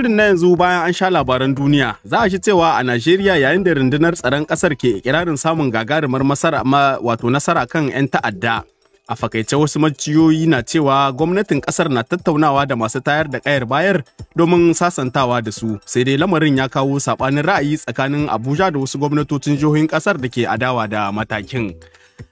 shirin na yanzu bayan an sha labaran duniya za a shi cewa a Najeriya yayin da rundunar tsaron kasar ke ikirarin samun gagarumar wato nasara kan 'yan ta'adda. A fakaice wasu maciyoyi na cewa gwamnatin kasar na tattaunawa da masu tayar da kayar bayar domin sasantawa da su sai dai lamarin ya kawo saɓanin ra'ayi tsakanin Abuja da wasu gwamnatocin jihohin kasar da ke adawa da matakin.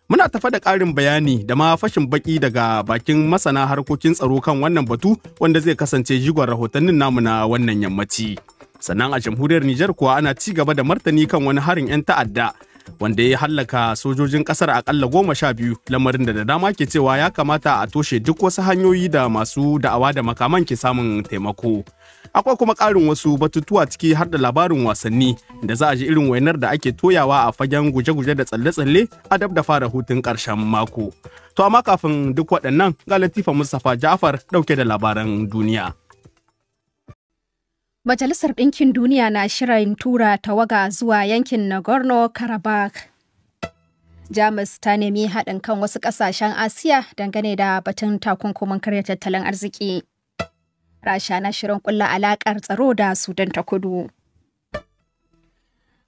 Muna tafa da ƙarin bayani da ma fashin baƙi daga bakin masana harkokin tsaro kan wannan batu wanda zai kasance jigon rahotannin namu na wannan yammaci. Sannan a jamhuriyar Nijar kuwa ana ci gaba da martani kan wani harin 'yan ta'adda wanda ya hallaka sojojin ƙasar aƙalla goma sha biyu lamarin da da dama ke cewa ya kamata a toshe duk wasu hanyoyi da masu da'awa da makaman ke samun taimako Akwai kuma ƙarin wasu batutuwa ciki har da labarin wasanni da za a ji irin wainar da ake toyawa a fagen guje-guje da tsalle-tsalle a dab da fara hutun ƙarshen mako. To amma kafin duk waɗannan ga Latifa Mustapha Ja'far ɗauke da labaran duniya. Majalisar Ɗinkin Duniya na shirin tura tawaga zuwa yankin Nagorno-Karabakh. Jamus ta nemi haɗin kan wasu ƙasashen Asiya dangane da batun takunkumin karya tattalin arziki. Rasha na shirin kulla alaƙar tsaro da Sudan ta kudu.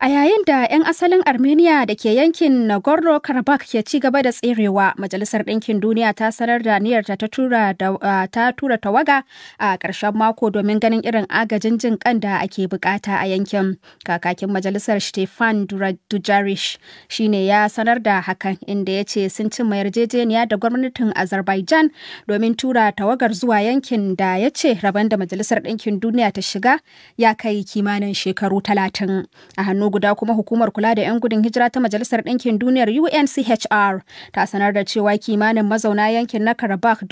A yayin da 'yan asalin Armenia da ke yankin Nagorno-Karabakh ke ci gaba da tserewa, Majalisar Ɗinkin Duniya ta sanar da niyyar ta tura ta tura tawaga a ƙarshen mako domin ganin irin agajin jin kan da ake bukata a yankin. Kakakin Majalisar Stefan Dujarish shi ne ya sanar da hakan inda ya ce sun cimma yarjejeniya da gwamnatin Azerbaijan domin tura tawagar zuwa yankin da ya ce rabon da Majalisar Ɗinkin Duniya ta shiga ya kai kimanin shekaru talatin a hannu guda kuma hukumar kula da 'yan gudun hijira ta Majalisar Ɗinkin Duniyar UNCHR ta sanar da cewa kimanin mazauna yankin na Karabakh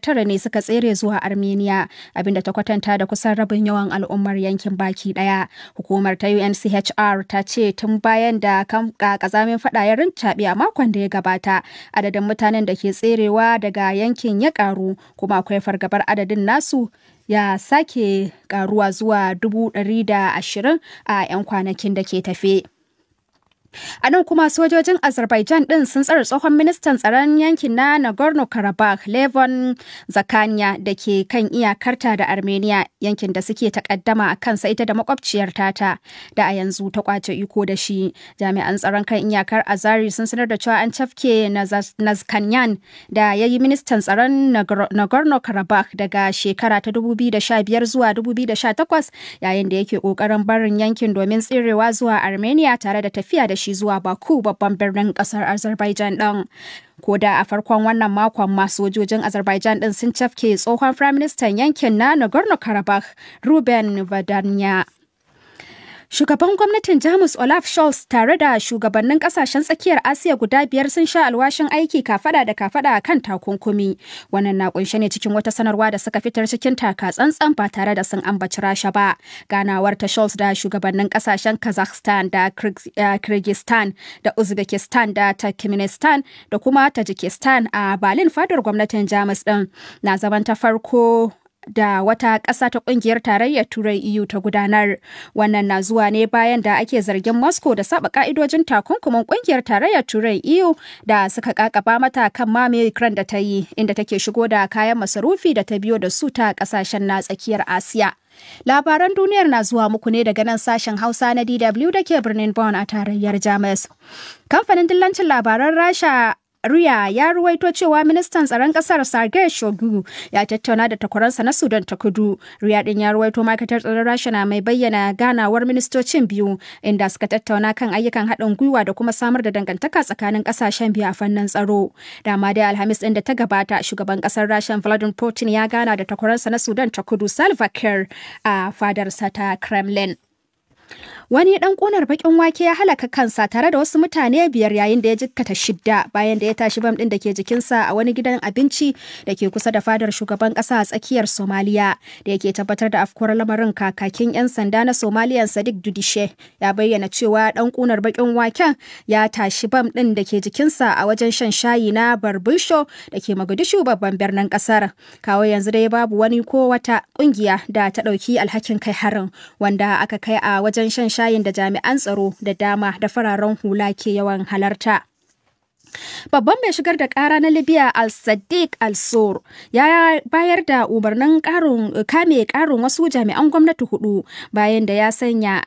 tara ne suka tsere zuwa Armenia, abinda ta kwatanta da kusan rabin yawan al'ummar yankin baki ɗaya. Hukumar ta UNCHR ta ce tun bayan da kazamin faɗa ya rincaɓe a makon da ya gabata, adadin mutanen da ke tserewa daga yankin ya ƙaru kuma akwai fargabar adadin nasu ya sake karuwa zuwa 120 a 'yan kwanakin da ke tafe. A nan kuma sojojin Azerbaijan ɗin sun tsare tsohon ministan tsaron yankin na Nagorno-Karabakh, Levon zakaniya da ke kan iyakarta da Armenia yankin da suke takaddama a kansa ita da makwabciyar tata da a yanzu ta kwace iko da shi. Jami'an tsaron kan iyakar Azari sun sanar da cewa an cafke Nazkanyan da ya yi ministan tsaron Nagorno-Karabakh daga shekara ta 2015 zuwa 2018 yayin da yake ƙoƙarin barin yankin domin tsirewa zuwa Armenia tare da tafiya da shi shi zuwa Baku babban birnin kasar Azerbaijan ɗin. Ko da a farkon wannan makon masu sojojin Azerbaijan ɗin sun cafke tsohon firaministan yankin na Nagorno-Karabakh Ruben Vadanya. Shugaban gwamnatin Jamus Olaf Scholz tare da shugabannin kasashen tsakiyar Asiya guda biyar sun sha alwashin aiki kafada da kafada kan takunkumi. Wannan na kunshe ne cikin wata sanarwa da suka fitar cikin taka tsantsan ba tare da sun ambaci Rasha ba. Ganawar ta Scholz da shugabannin kasashen Kazakhstan da eh, Kyrgyzstan da Uzbekistan da Turkmenistan da kuma Tajikistan a Berlin fadar gwamnatin Jamus din na zaman ta farko da wata ƙasa ta ƙungiyar tarayyar turai EU ta gudanar. Wannan na zuwa ne bayan da ake zargin Moscow da saba ka'idojin takunkumin ƙungiyar tarayyar turai EU da suka kakaba mata kan mame Ukraine da ta yi inda take shigo da kayan masarufi da ta biyo da su ta ƙasashen na tsakiyar Asiya. Labaran duniyar na zuwa muku ne daga nan sashen Hausa na DW da ke birnin Bonn a tarayyar Jamus. Kamfanin dillancin labaran Rasha riya ya ruwaito cewa ministan tsaron kasar Sergei shogu ya tattauna da takwaransa na Sudan ta Kudu. riya din ya ruwaito ma'aikatar tsaron Rasha na mai bayyana ganawar ministocin biyu inda suka tattauna kan ayyukan haɗin gwiwa da kuma samar da dangantaka tsakanin ƙasashen biyu a fannin tsaro. Dama dai Alhamis din da ta gabata shugaban kasar Rasha Vladimir Putin ya gana da takwaransa na Sudan ta Kudu Salva Kiir a fadarsa ta Kremlin. Wani ɗan ƙunar bakin wake ya halaka kansa tare da wasu mutane biyar yayin da ya jikkata shidda bayan da ya tashi bam ɗin da ke jikinsa a wani gidan abinci da ke kusa da fadar shugaban ƙasa a tsakiyar Somaliya da yake tabbatar da afkuwar lamarin kakakin 'yan sanda na Somaliya Sadiq Dudishe ya bayyana cewa ɗan ƙunar bakin waken ya tashi bam ɗin da ke jikinsa a wajen shan shayi na Barbisho da ke Mogadishu babban birnin ƙasar. Kawo yanzu dai babu wani ko wata ƙungiya da ta ɗauki alhakin kai harin wanda aka kai a wajen shan shayin da jami'an tsaro da dama da fararen hula ke yawan halarta. Babban mai shigar da kara na Libya Al-Sadiq Al-Sur ya bayar da umarnin kame karin wasu jami'an gwamnati hudu bayan da ya sanya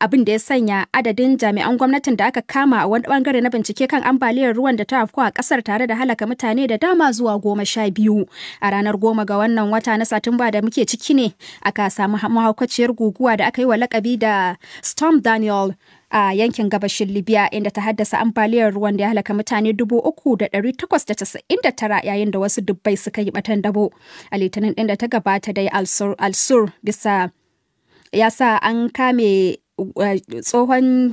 abin da ya sanya adadin jami'an gwamnatin da aka kama a wani bangare na bincike kan ambaliyar ruwan da ta afku a kasar tare da halaka mutane da dama zuwa goma sha biyu a ranar goma ga wannan wata na Satumba da muke ciki ne aka samu mahaukaciyar guguwa da aka yi wa lakabi da Storm Daniel a yankin gabashin Libya inda ta haddasa ambaliyar ruwan da ya halaka mutane 3,899 yayin da wasu dubbai suka yi batan dabo. A litinin ɗin da ta gabata dai Al-Sur bisa ya sa an kame uh, tsohon uh,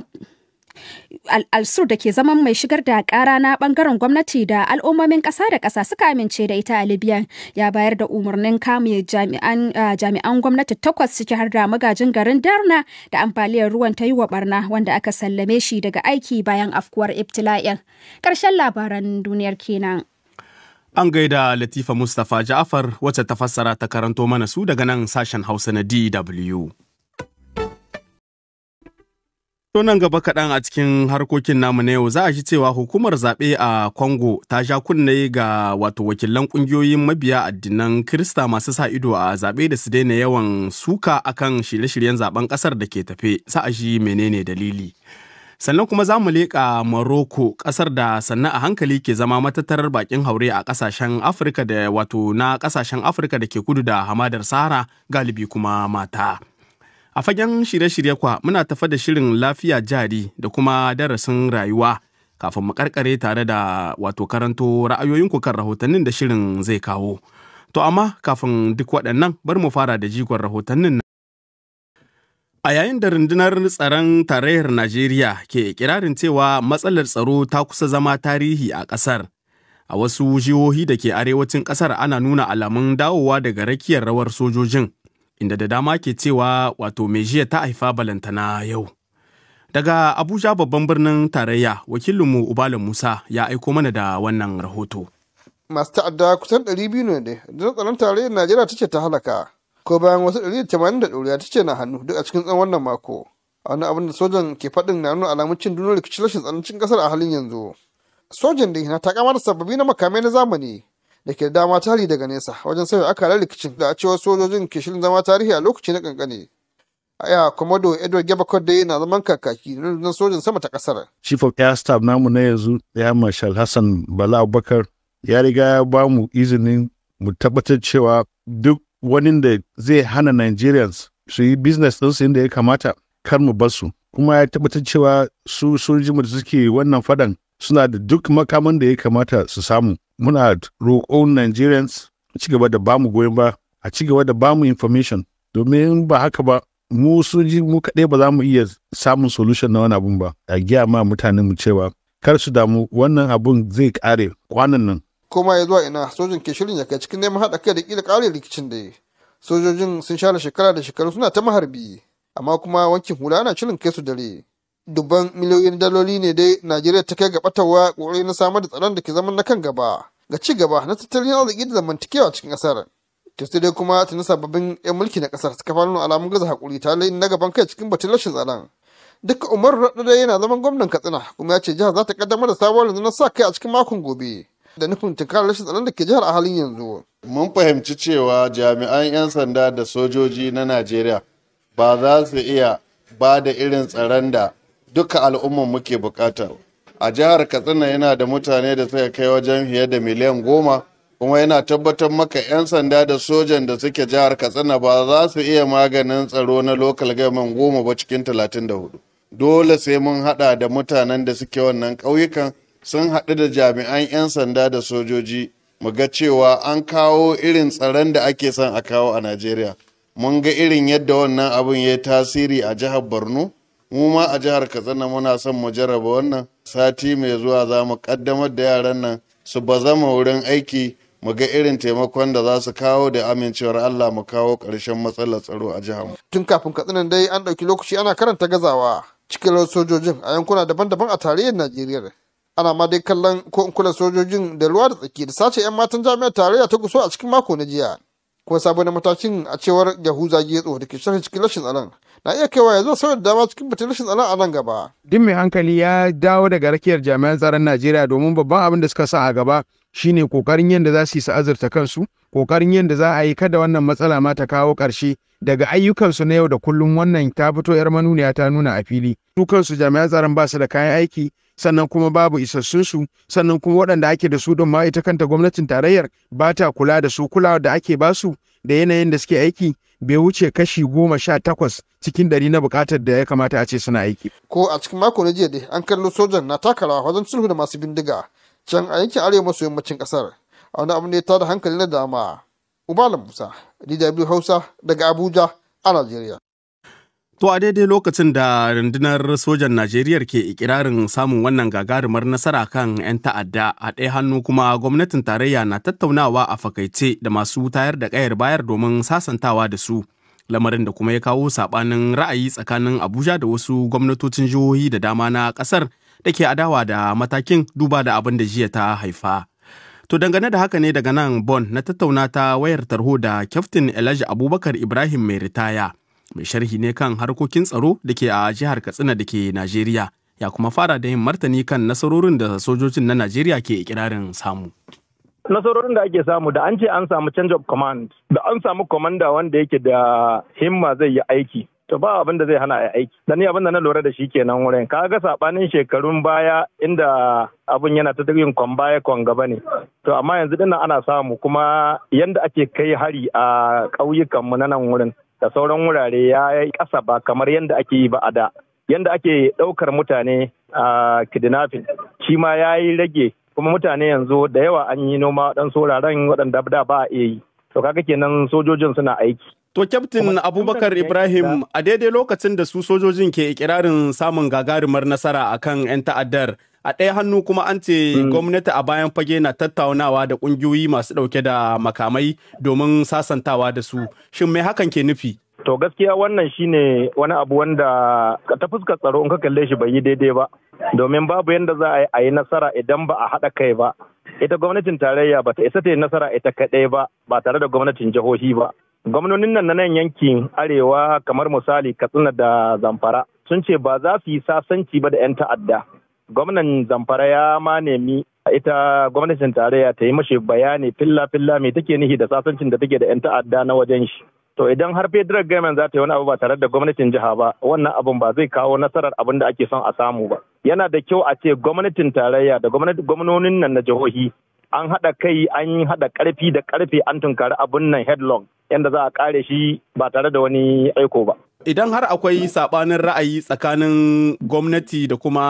al alsur da ke zaman mai shigar da kara na bangaren gwamnati da al'ummomin ƙasa da ƙasa suka amince da ita a libya ya bayar da umarnin kame jami'an ah, gwamnati takwas ciki har da magajin garin darna da ambaliyar ruwan ta yi wa barna wanda aka sallame shi daga aiki bayan afkuwar ibtila'in ƙarshen labaran duniyar kenan An gaida Latifa Mustapha jafar wacce ta fassara ta karanto mana su daga nan sashen Hausa na DW. To nan gaba kaɗan a cikin harkokin namu na yau za a ji cewa hukumar zaɓe a Congo ta sha kunne ga wato wakilan ƙungiyoyin mabiya addinan Kirista masu sa ido a zaɓe da su daina yawan suka akan shirye-shiryen zaɓen ƙasar da ke tafe sa a ji menene dalili. Sannan kuma za mu leƙa Morocco ƙasar da sannan a hankali ke zama matattarar bakin haure a ƙasashen Afirka da wato na ƙasashen Afirka da ke kudu da hamadar Sahara galibi kuma mata. A fagen shirye-shirye kwa muna tafa da shirin lafiya jari da kuma darasin rayuwa kafin mu karkare tare da wato karanto ra'ayoyinku kan rahotannin da shirin zai kawo. To amma kafin duk waɗannan bar mu fara da jigon rahotannin A yayin da rundunar tsaron tarayyar Najeriya ke kirarin cewa matsalar tsaro ta kusa zama tarihi a ƙasar. A wasu jihohi da ke arewacin ƙasar ana nuna alamun dawowa daga rakiyar rawar sojojin. inda da dama ke cewa wato mai ta haifa balantana yau. Daga Abuja babban birnin tarayya wakilinmu Ubalin Musa ya aiko mana da wannan rahoto. Masu ta'adda kusan 200 ne da tsaron tarayyar Najeriya ta ce ta halaka ko bayan wasu 180 da ɗoriya ce na hannu duk a cikin tsan wannan mako. wani abin da sojan ke faɗin na nuna alamun cin duniyar rikicin rashin tsanancin ƙasar a halin yanzu. Sojan da na takama da sababbi na makamai na zamani da ke dama tari daga nesa wajen sauya akalar rikicin da a cewar sojojin ke shirin zama tarihi a lokaci na kankane. aya komodo edward gabakon dai na zaman kakaki na sojin sama ta kasar chief of air staff namu na yanzu ya marshal hassan bala abubakar ya riga ya ba mu izinin mu tabbatar cewa duk wani da zai hana nigerians su yi business ɗinsu inda ya kamata kar mu bar su kuma ya tabbatar cewa su sojojinmu da suke wannan fadan suna da duk makaman da ya kamata su samu muna roƙon nigerians a ci da bamu goyon ba a ci gaba da bamu information domin ba haka ba mu soji mu kaɗai ba za mu iya samun solution na wani abun ba a giya ma mutanen mu cewa kar su damu wannan abun zai kare kwanan nan koma ya zuwa ina sojin ke shirin ya kai cikin neman haɗa kai da ƙila ƙare rikicin da sojojin sun share shekara da shekaru suna ta maharbi amma kuma wankin hula yana shirin kai su dare dubban miliyoyin daloli ne dai najeriya ta kai ga batawa ƙoƙari na samar da tsaron da ke zaman na kan gaba ga ci gaba na tattalin arziki da zamantakewa cikin ƙasar to sai dai kuma tuni sababbin 'yan mulki na ƙasar suka fara alamun gaza haƙuri ta layin na gaban kai cikin batun rashin tsaron duk umar da yana zaman gwamnan katsina kuma ya ce jihar za ta kaddamar da sabuwar rundunar sa kai a cikin makon gobe da nufin tunkarar rashin tsaron da ke jihar a halin yanzu. mun fahimci cewa jami'an 'yan sanda da sojoji na najeriya ba za su iya ba da irin tsaron da duka al'umman muke bukata a jihar katsina yana da mutane da suka kai wajen fiye da miliyan goma kuma yana tabbatar maka 'yan sanda da sojan da suke jihar katsina ba za su iya maganin tsaro na lokal gaman goma ba cikin 34 dole sai mun hada da mutanen da suke wannan ƙauyukan sun haɗu da jami'an 'yan sanda da sojoji mu ga cewa an kawo irin tsaron da ake son a kawo a najeriya mun ga irin yadda wannan abun ya tasiri a jihar borno mu ma a jihar katsina muna son mu jaraba wannan sati mai zuwa za mu kaddamar da yaran nan su bazama wurin aiki mu ga irin taimakon da za su kawo da amincewar Allah mu kawo ƙarshen matsalar tsaro a jihar. mu. Tun kafin katsinan dai an ɗauki lokaci ana karanta gazawa cikin sojojin a yankuna daban-daban a tarayyar Najeriya. Ana ma dai kallon ko in kula sojojin da ruwa da tsaki da sace 'yan matan jami'ar tarayya ta guso a cikin mako na jiya. Kuma sabon matakin a cewar Yahuza Getso da ke cikin rashin tsaron na iya kaiwa ya zo sauya dama cikin batun rashin a nan gaba. Duk mai hankali ya dawo daga rakiyar jami'an tsaron Najeriya domin babban abin da suka sa a gaba shine kokarin yadda za su yi sa'azurta kansu, kokarin yadda za a yi kada wannan matsala ma ta kawo ƙarshe daga ayyukansu na yau da kullum wannan ta fito yar manuniya ta nuna a fili. Su kansu jami'an tsaron ba su da kayan aiki sannan kuma babu isassunsu sannan kuma waɗanda ake da su don ma ita kanta gwamnatin tarayyar ba ta kula da su kulawa da ake basu da yanayin da suke aiki bai wuce kashi goma sha takwas cikin ɗari na bukatar da ya kamata a ce suna aiki. Ko a cikin mako na jiya dai an kallo sojan na taka rawa wajen sulhu da masu bindiga can a yankin arewa maso yammacin kasar A wani abu ne ta da hankali na dama. Ubalan Musa, DW Hausa daga Abuja a Najeriya. To a daidai lokacin da rundunar sojan Najeriya ke ikirarin samun wannan gagarumar nasara kan 'yan ta'adda a ɗaya hannu kuma gwamnatin tarayya na tattaunawa a fakaice da masu tayar da ƙayar bayar domin sasantawa da su. Lamarin da kuma ya kawo saɓanin ra'ayi tsakanin Abuja da wasu gwamnatocin jihohi da dama na ƙasar da ke adawa da matakin duba da abin da jiya ta haifa. To dangane da haka ne daga nan Bon na tattauna ta wayar tarho da Kyaftin Elijah Abubakar Ibrahim mai ritaya. mai sharhi ne kan harkokin tsaro da ke a jihar katsina da ke najeriya ya kuma fara da yin martani kan nasarorin da sojojin na najeriya ke ikirarin samu nasarorin da ake samu da an ce an samu change of command da an samu komanda wanda yake da himma zai yi aiki to ba abin da zai hana a aiki da ni abin da na lura da shi kenan wurin ka ga sabanin shekarun baya inda abin yana ta yin kwambaye kwan gaba ne to amma yanzu dinnan ana samu kuma yanda ake kai hari a ƙauyukan mu na nan wurin da sauran wurare ya yi ƙasa ba kamar yadda ake yi ba a da yadda ake ɗaukar mutane a kidnapping shi ma ya yi rage kuma mutane yanzu da yawa an yi noma ɗan wuraren waɗanda da ba a iya yi to kaga kenan sojojin suna aiki To kyaftin Abubakar Ibrahim a daidai lokacin da su sojojin ke ikirarin samun gagarumar nasara akan 'yan ta'addar a ɗaya hannu kuma an ce hmm. gwamnati a bayan fage na tattaunawa da ƙungiyoyi masu ɗauke da makamai domin sasantawa da su shin mai hakan ke nufi to gaskiya wannan shine wani abu wanda ta fuskar tsaro in ka kalle shi bai yi daidai ba domin babu yadda za a yi nasara idan ba a haɗa kai ba ita gwamnatin tarayya ba ta isa ta yi nasara ita kaɗai ba ba tare da gwamnatin jihohi ba gwamnonin nan na nan yankin arewa kamar misali katsina da zamfara sun ce ba za su yi sasanci ba da 'yan ta'adda gwamnan zamfara ya ma nemi ita gwamnatin tarayya ta yi mashi bayani filla-filla mai take nihi da sasancin da take da 'yan ta'adda na wajen shi. To idan har federal government za ta yi wani abu ba tare da gwamnatin jiha ba, wannan abun ba zai kawo nasarar abin da ake son a samu ba. Yana da kyau a ce gwamnatin tarayya da gwamnonin nan na jihohi an haɗa kai an yi haɗa ƙarfi da ƙarfe an tunkari abin nan headlong yadda za a kare shi ba tare da wani aiko ba. idan har akwai saɓanin ra'ayi tsakanin gwamnati da kuma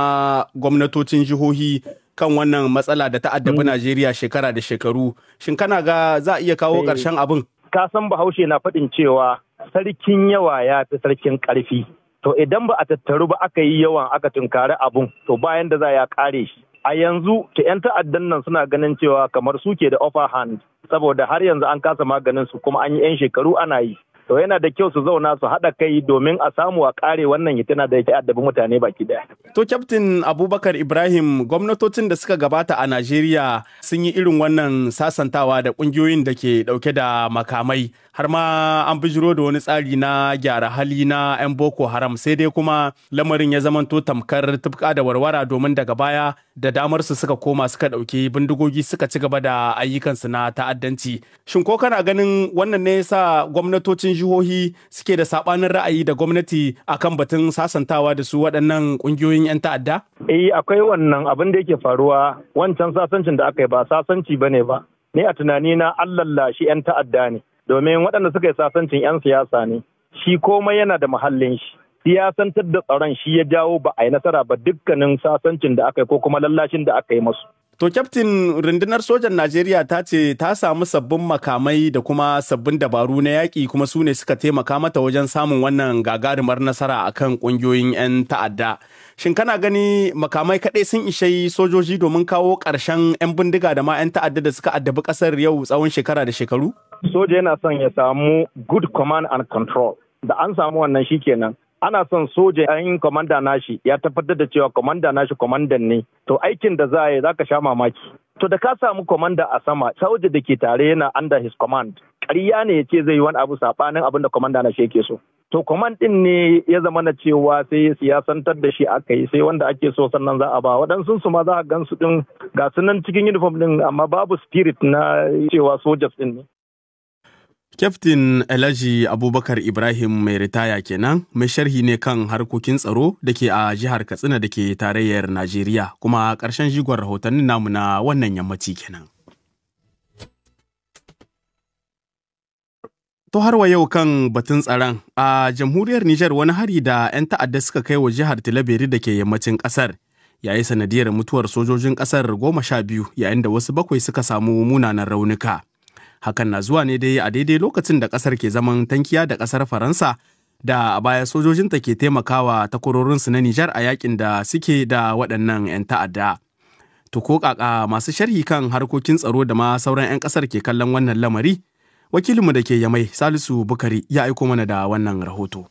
gwamnatocin jihohi kan wannan matsala da ta addabi mm. Najeriya shekara da shekaru shin kana ga za a iya kawo eh, ƙarshen abin ka san bahaushe na faɗin cewa sarkin yawa ya fi sarkin ƙarfi to idan ba a tattaru ba aka yi yawan aka tunkari abun to bayan da za ya ƙare shi a yanzu ta 'yan ta'addan nan suna ganin cewa kamar suke da offer hand saboda har yanzu an kasa maganin su kuma an yi 'yan shekaru ana yi to yana da kyau su zauna su haɗa kai domin a samu a ƙare wannan hitina da yake addabi mutane baki daya. To kyaftin Abubakar Ibrahim gwamnatocin da suka gabata a Najeriya sun yi irin wannan sasantawa da ƙungiyoyin da ke ɗauke da makamai har ma an bijiro da wani tsari na gyara hali na 'yan Boko Haram sai dai kuma lamarin ya zamanto tamkar tufka da warwara domin daga baya da damar su suka koma suka ɗauki bindigogi suka ci gaba da ayyukansu na ta'addanci. Shin ko kana ganin wannan ne yasa gwamnatocin jihohi suke da sabanin ra'ayi da gwamnati akan batun sasantawa da su waɗannan ƙungiyoyin 'yan ta'adda? Eh akwai wannan abin da yake faruwa wancan sasancin da aka yi ba sasanci bane ba. Ni a tunanina Allah shi 'yan ta'adda ne domin waɗanda suka yi sasancin 'yan siyasa ne. Shi komai yana da muhallin shi. Siyasantar da tsaron shi ya jawo ba a yi nasara ba dukkanin sasancin da aka yi ko kuma lallashin da aka yi masu. To, kyaftin rundunar sojan Najeriya ta ce ta samu sabbin makamai da kuma sabbin dabaru na yaƙi kuma su ne suka taimaka mata wajen samun wannan gagarumar nasara a kan ƙungiyoyin 'yan ta'adda. Shin kana gani makamai kaɗai sun ishe sojoji domin kawo ƙarshen 'yan bindiga da ma 'yan ta'adda da suka addabi ƙasar yau tsawon shekara da shekaru? Soja yana son ya samu good command and control. Da an samu wannan shi shikenan ana son soja yayin kwamanda nashi ya tabbatar da cewa kwamanda nashi kwamandan ne to aikin da za a yi za ka sha mamaki to da ka samu kwamanda a sama soja da ke tare yana under his command ƙarya ne ya ce zai yi wani abu saɓanin abin da kwamanda nashi yake so to command din ne ya zama na cewa sai siyasantar da shi aka yi sai wanda ake so sannan za a ba waɗansu su ma za a gan su din ga sunan cikin uniform din amma babu spirit na cewa sojas din ne Kyaftin Alhaji Abubakar Ibrahim mai ritaya kenan mai sharhi ne kan harkokin tsaro da ke a jihar Katsina da ke tarayyar Najeriya kuma ƙarshen jigon rahotannin namu na wannan yammaci kenan. To harwa yau kan batun tsaron a jamhuriyar Nijar wani hari da 'yan ta'adda suka kai wa jihar Tilaberi da ke yammacin ƙasar yayi sanadiyar mutuwar sojojin ƙasar goma sha biyu yayin da wasu bakwai suka samu munanan raunuka. hakan na zuwa ne dai a daidai lokacin da kasar ke zaman tankiya da kasar faransa da a baya sojojinta ke taimakawa takwarorinsu na nijar a yakin da suke da waɗannan 'yan ta'adda to ko kaka masu sharhi kan harkokin tsaro da ma sauran 'yan kasar ke kallon wannan lamari wakilinmu da ke yamai salisu bukari ya aiko mana da wannan rahoto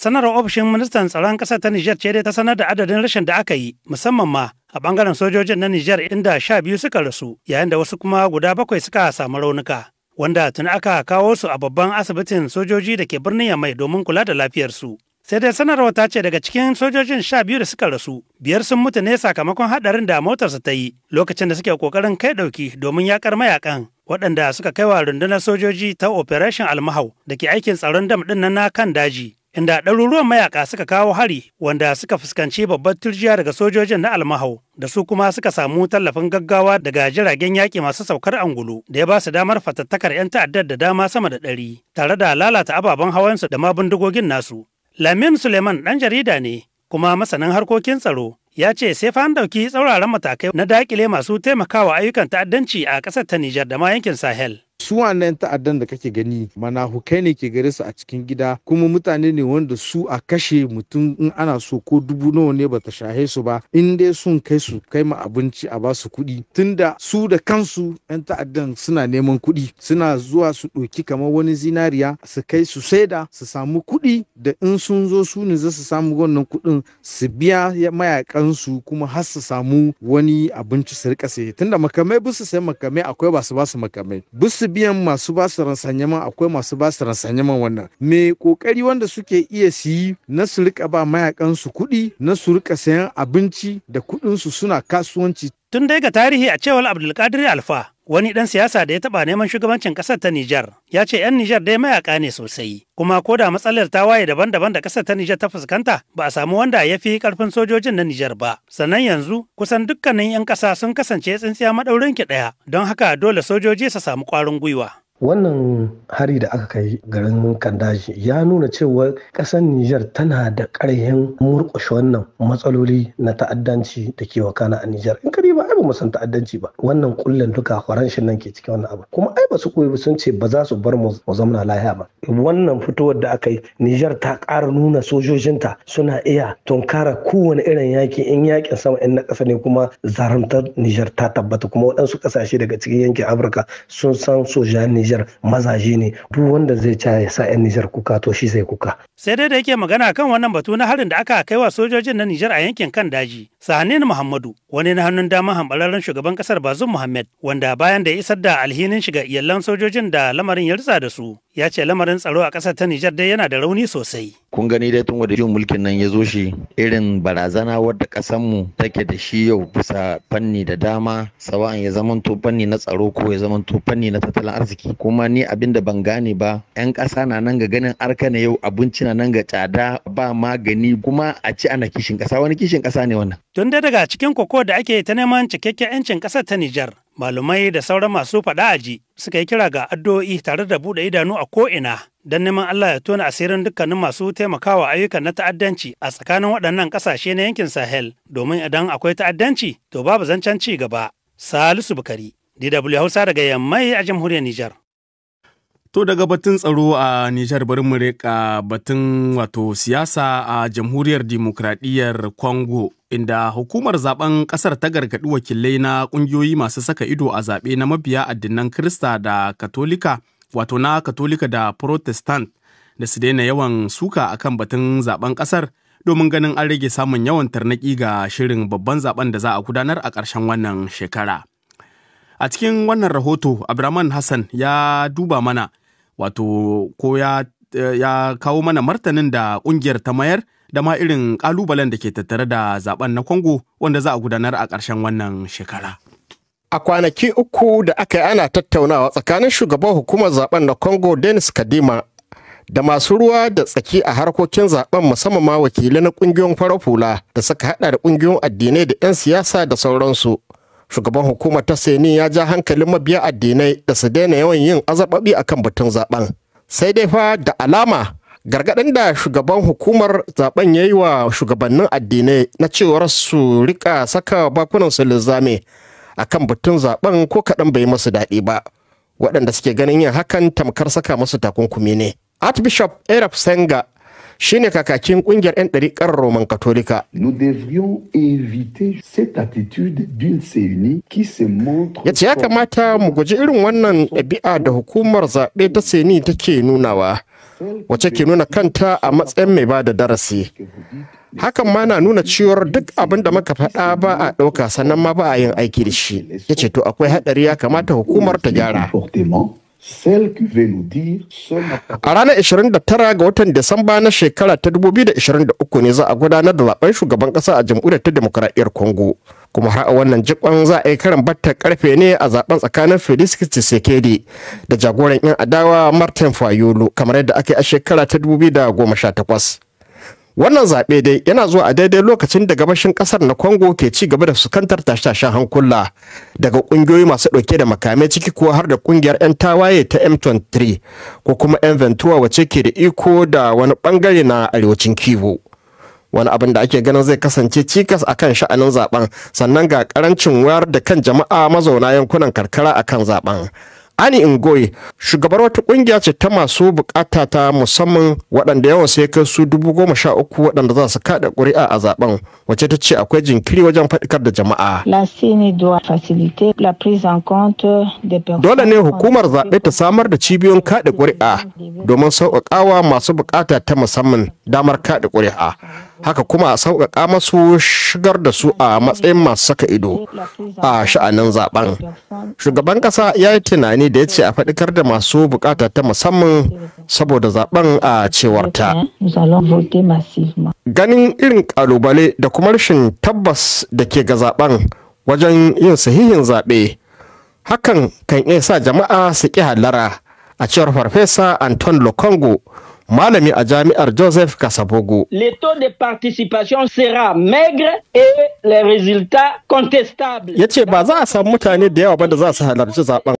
sanarwar ofishin ministan tsaron ƙasa ta Nijar ce dai ta sanar da adadin rashin da aka yi musamman ma a bangaren sojojin na Nijar inda sha biyu suka rasu yayin da wasu kuma guda bakwai suka samu raunuka. Wanda tuni aka kawo su a babban asibitin sojoji da ke birnin Yamai domin kula da lafiyarsu. Sai dai sanarwar ta ce daga cikin sojojin sha biyu da suka rasu, biyar sun mutu ne sakamakon haɗarin da motarsa ta yi lokacin da suke ƙoƙarin kai ɗauki domin yakar mayakan. waɗanda suka kai wa rundunar sojoji ta Operation Almahau da ke aikin tsaron dam ɗin na kan daji inda ɗaruruwan mayaka suka kawo hari wanda suka fuskanci babbar turjiya daga sojojin na almahau da su kuma suka samu tallafin gaggawa daga jiragen yaƙi masu saukar angulu da ya ba su damar fatattakar 'yan ta'addar da dama sama da ɗari tare da lalata ababen hawansu da ma bindigogin nasu. Lamin Suleiman ɗan jarida ne kuma masanin harkokin tsaro ya ce sai fa an ɗauki tsauraran matakai na daƙile masu taimakawa ayyukan ta'addanci a ƙasar ta Nijar da ma yankin Sahel. su wannan ta'addan da kake gani manahukai ne ke gare su a cikin gida kuma mutane ne wanda su a kashe mutum in ana so ko dubu nawa ne bata shahe su ba in dai sun kai su kai ma abinci a basu kuɗi tunda su da kansu yan ta'addan suna neman kuɗi suna zuwa su ɗauki kamar wani zinariya su kai su saida su samu kuɗi da in sun zo su ne za su samu wannan kuɗin su biya mayakan su kuma har su samu wani abinci su rika saye tunda makamai bisu sai makamai akwai ba su ba su makamai bisu biyan masu ba su akwai masu ba su ransanyaman wannan me kokari wanda suke iya siyi na su rika ba mayakan su kuɗi na su rika sayan abinci da kuɗin su suna kasuwanci tun dai ga tarihi a cewar abdulkadir alfa wani dan siyasa da ya taɓa neman shugabancin ƙasar ta Nijar ya ce 'yan Nijar dai mayaka ne sosai kuma ko da matsalar ta waye daban-daban da ƙasar ta Nijar ta fuskanta ba a samu wanda ya fi ƙarfin sojojin na Nijar ba sannan yanzu kusan dukkanin 'yan ƙasa sun kasance tsintsiya madaurin ki ɗaya don haka dole sojoji su samu ƙwarin gwiwa. wannan hari da aka kai garin kandaji ya nuna cewa ƙasar Nijar tana da ƙarhin murƙushe wannan matsaloli na ta'addanci da ke wakana a Nijar. In ka kuɗi ba ai ba mu san ta'addanci ba wannan kullun duka faranshin nan ke cikin wannan abu kuma ai ba su koyi sun ce ba za su bar mu zamana laya ba wannan fitowar da aka yi Nijar ta ƙara nuna sojojinta suna iya tunkara kowane irin yaki in yakin sama in na ƙasa ne kuma zarantar Nijar ta tabbata kuma waɗansu ƙasashe daga cikin yankin Afirka sun san sojan Nijar mazaje ne duk wanda zai ca ya sa 'yan Nijar kuka to shi zai kuka. Sai dai da yake magana kan wannan batu na harin da aka kaiwa sojojin na Nijar a yankin kan daji. Sahanin Muhammadu wani na hannun dama kama hambararren shugaban kasar bazum muhammad wanda bayan da ya isar da alhinin shiga iyalan sojojin da lamarin ya da su ya ce lamarin tsaro a ƙasar ta Nijar dai yana da rauni sosai. Kun gani dai tun wadda yin mulkin nan ya zo shi irin barazana wadda ƙasanmu take da shi yau bisa fanni da dama sawa'an ya to fanni na tsaro ko ya to fanni na tattalin arziki kuma ni abin da ban gane ba 'yan ƙasa na nan ga ganin arka na yau abinci na nan ga tsada ba magani kuma a ci ana kishin ƙasa wani kishin ƙasa ne wannan. Tun da daga cikin koko da ake ta neman cikakken 'yancin ƙasar ta Nijar. Malumai da sauran masu faɗa aji suka yi kira ga addu'o'i tare da buɗe idanu a ko'ina don neman Allah ya tona asirin dukkanin masu taimakawa ayyukan na ta'addanci a tsakanin waɗannan ƙasashe na yankin Sahel domin idan akwai ta'addanci to babu zancen ci gaba. Salisu Bukari, DW Hausa daga Yammai a jamhuriyar Nijar. To daga batun tsaro a Nijar bari mu reka batun wato siyasa a jamhuriyar demokradiyyar Congo inda hukumar zaben kasar ta gargaɗi wakilai na ƙungiyoyi masu saka ido a zaɓe na mabiya addinan Krista da Katolika wato na Katolika da Protestant da su daina yawan suka akan batun zaben kasar domin ganin an rage samun yawan tarnaki ga shirin babban zaben da za a gudanar a ƙarshen wannan shekara. A cikin wannan rahoto, Abraman Hassan ya duba mana wato ko ya, ya kawo mana martanin da ƙungiyar ta mayar da ma irin kalubalen da ke tattare da zaben na Congo wanda za a gudanar a ƙarshen wannan shekara. A kwanaki uku da aka yi ana tattaunawa tsakanin shugaban hukumar zaben na Congo Denis Kadima da masu ruwa da tsaki a harkokin zaben musamman ma wakilai na kungiyoyin farafula da suka hada da kungiyoyin addinai da 'yan siyasa da sauransu shugaban hukumar ta seni ya ja hankalin mabiya addinai da su daina yawan yin azababi akan batun zaben sai dai fa da alama gargaɗin da shugaban hukumar zaben ya yi wa shugabannin addinai na cewar su rika saka bakunan su linzame akan batun zaben ko kaɗan bai masu daɗi ba waɗanda suke ganin yin hakan tamkar saka masu takunkumi ne archbishop arab senga shine kakakin kungiyar 'yan ɗariƙar Roman Katolika. Ya ce ya kamata mu guji irin wannan ɗabi'a da hukumar zaɓe ta Seni take nunawa, wacce ke nuna kanta a matsayin mai ba da darasi. hakan ma na nuna ciwar duk abin da muka faɗa ba a ɗauka sannan ma ba a yin aiki da shi ya ce to akwai haɗari ya kamata hukumar ta gyara A ranar 29 ga watan Disamba na shekara ta 2023 ne za a gudanar da zaben shugaban kasa a jamhuriyar ta demokuraɗiyyar Congo. Kuma har a wannan jikon za a yi karin batta karfe ne a zaben tsakanin Felix Tshisekedi da jagoran 'yan adawa Martin Fayolo kamar yadda aka yi a shekara ta 2018. wannan zaɓe dai yana zuwa a daidai lokacin da gabashin ƙasar na congo ke ci gaba da fuskantar tashe-tashen hankula daga ƙungiyoyi masu ɗauke da makamai ciki kuwa har da ƙungiyar 'yan tawaye ta m23 ko kuma 'yan ventura wace ke da iko da wani ɓangare na arewacin kibo wani abin da ake ganin zai kasance cikas a kan sha'anin zaɓen, sannan ga karancin wayar da kan jama'a mazauna yankunan karkara a kan zaben Ani Ngoyi shugabar wata kungiya ce ta masu bukata ta musamman waɗanda yawan sai kai su dubu goma sha uku waɗanda za su kaɗa ƙuri'a a zaben wacce ta ce akwai jinkiri wajen faɗikar da jama'a. Dole ne hukumar zaɓe ta samar da cibiyoyin kaɗa ƙuri'a domin sauƙaƙawa masu bukata ta musamman damar kaɗa ƙuri'a. Haka kuma a sauƙaƙa masu shigar da su a matsayin masu saka ido a sha'anin zaben. Shugaban ƙasa ya yi tunani da ya ce a faɗikar da masu bukata ta musamman saboda zaben a cewarta. Ganin irin ƙalubale da kuma rashin tabbas da ke ga zaben wajen yin sahihin zaɓe, hakan kan iya sa jama'a su ƙi hallara a cewar Farfesa Anton Lokongo. malami a jami'ar Joseph Kasabogo. Le taux de participation sera maigre et les résultats contestables. ce ba za a samu mutane da yawa ba da za su halarci zaben.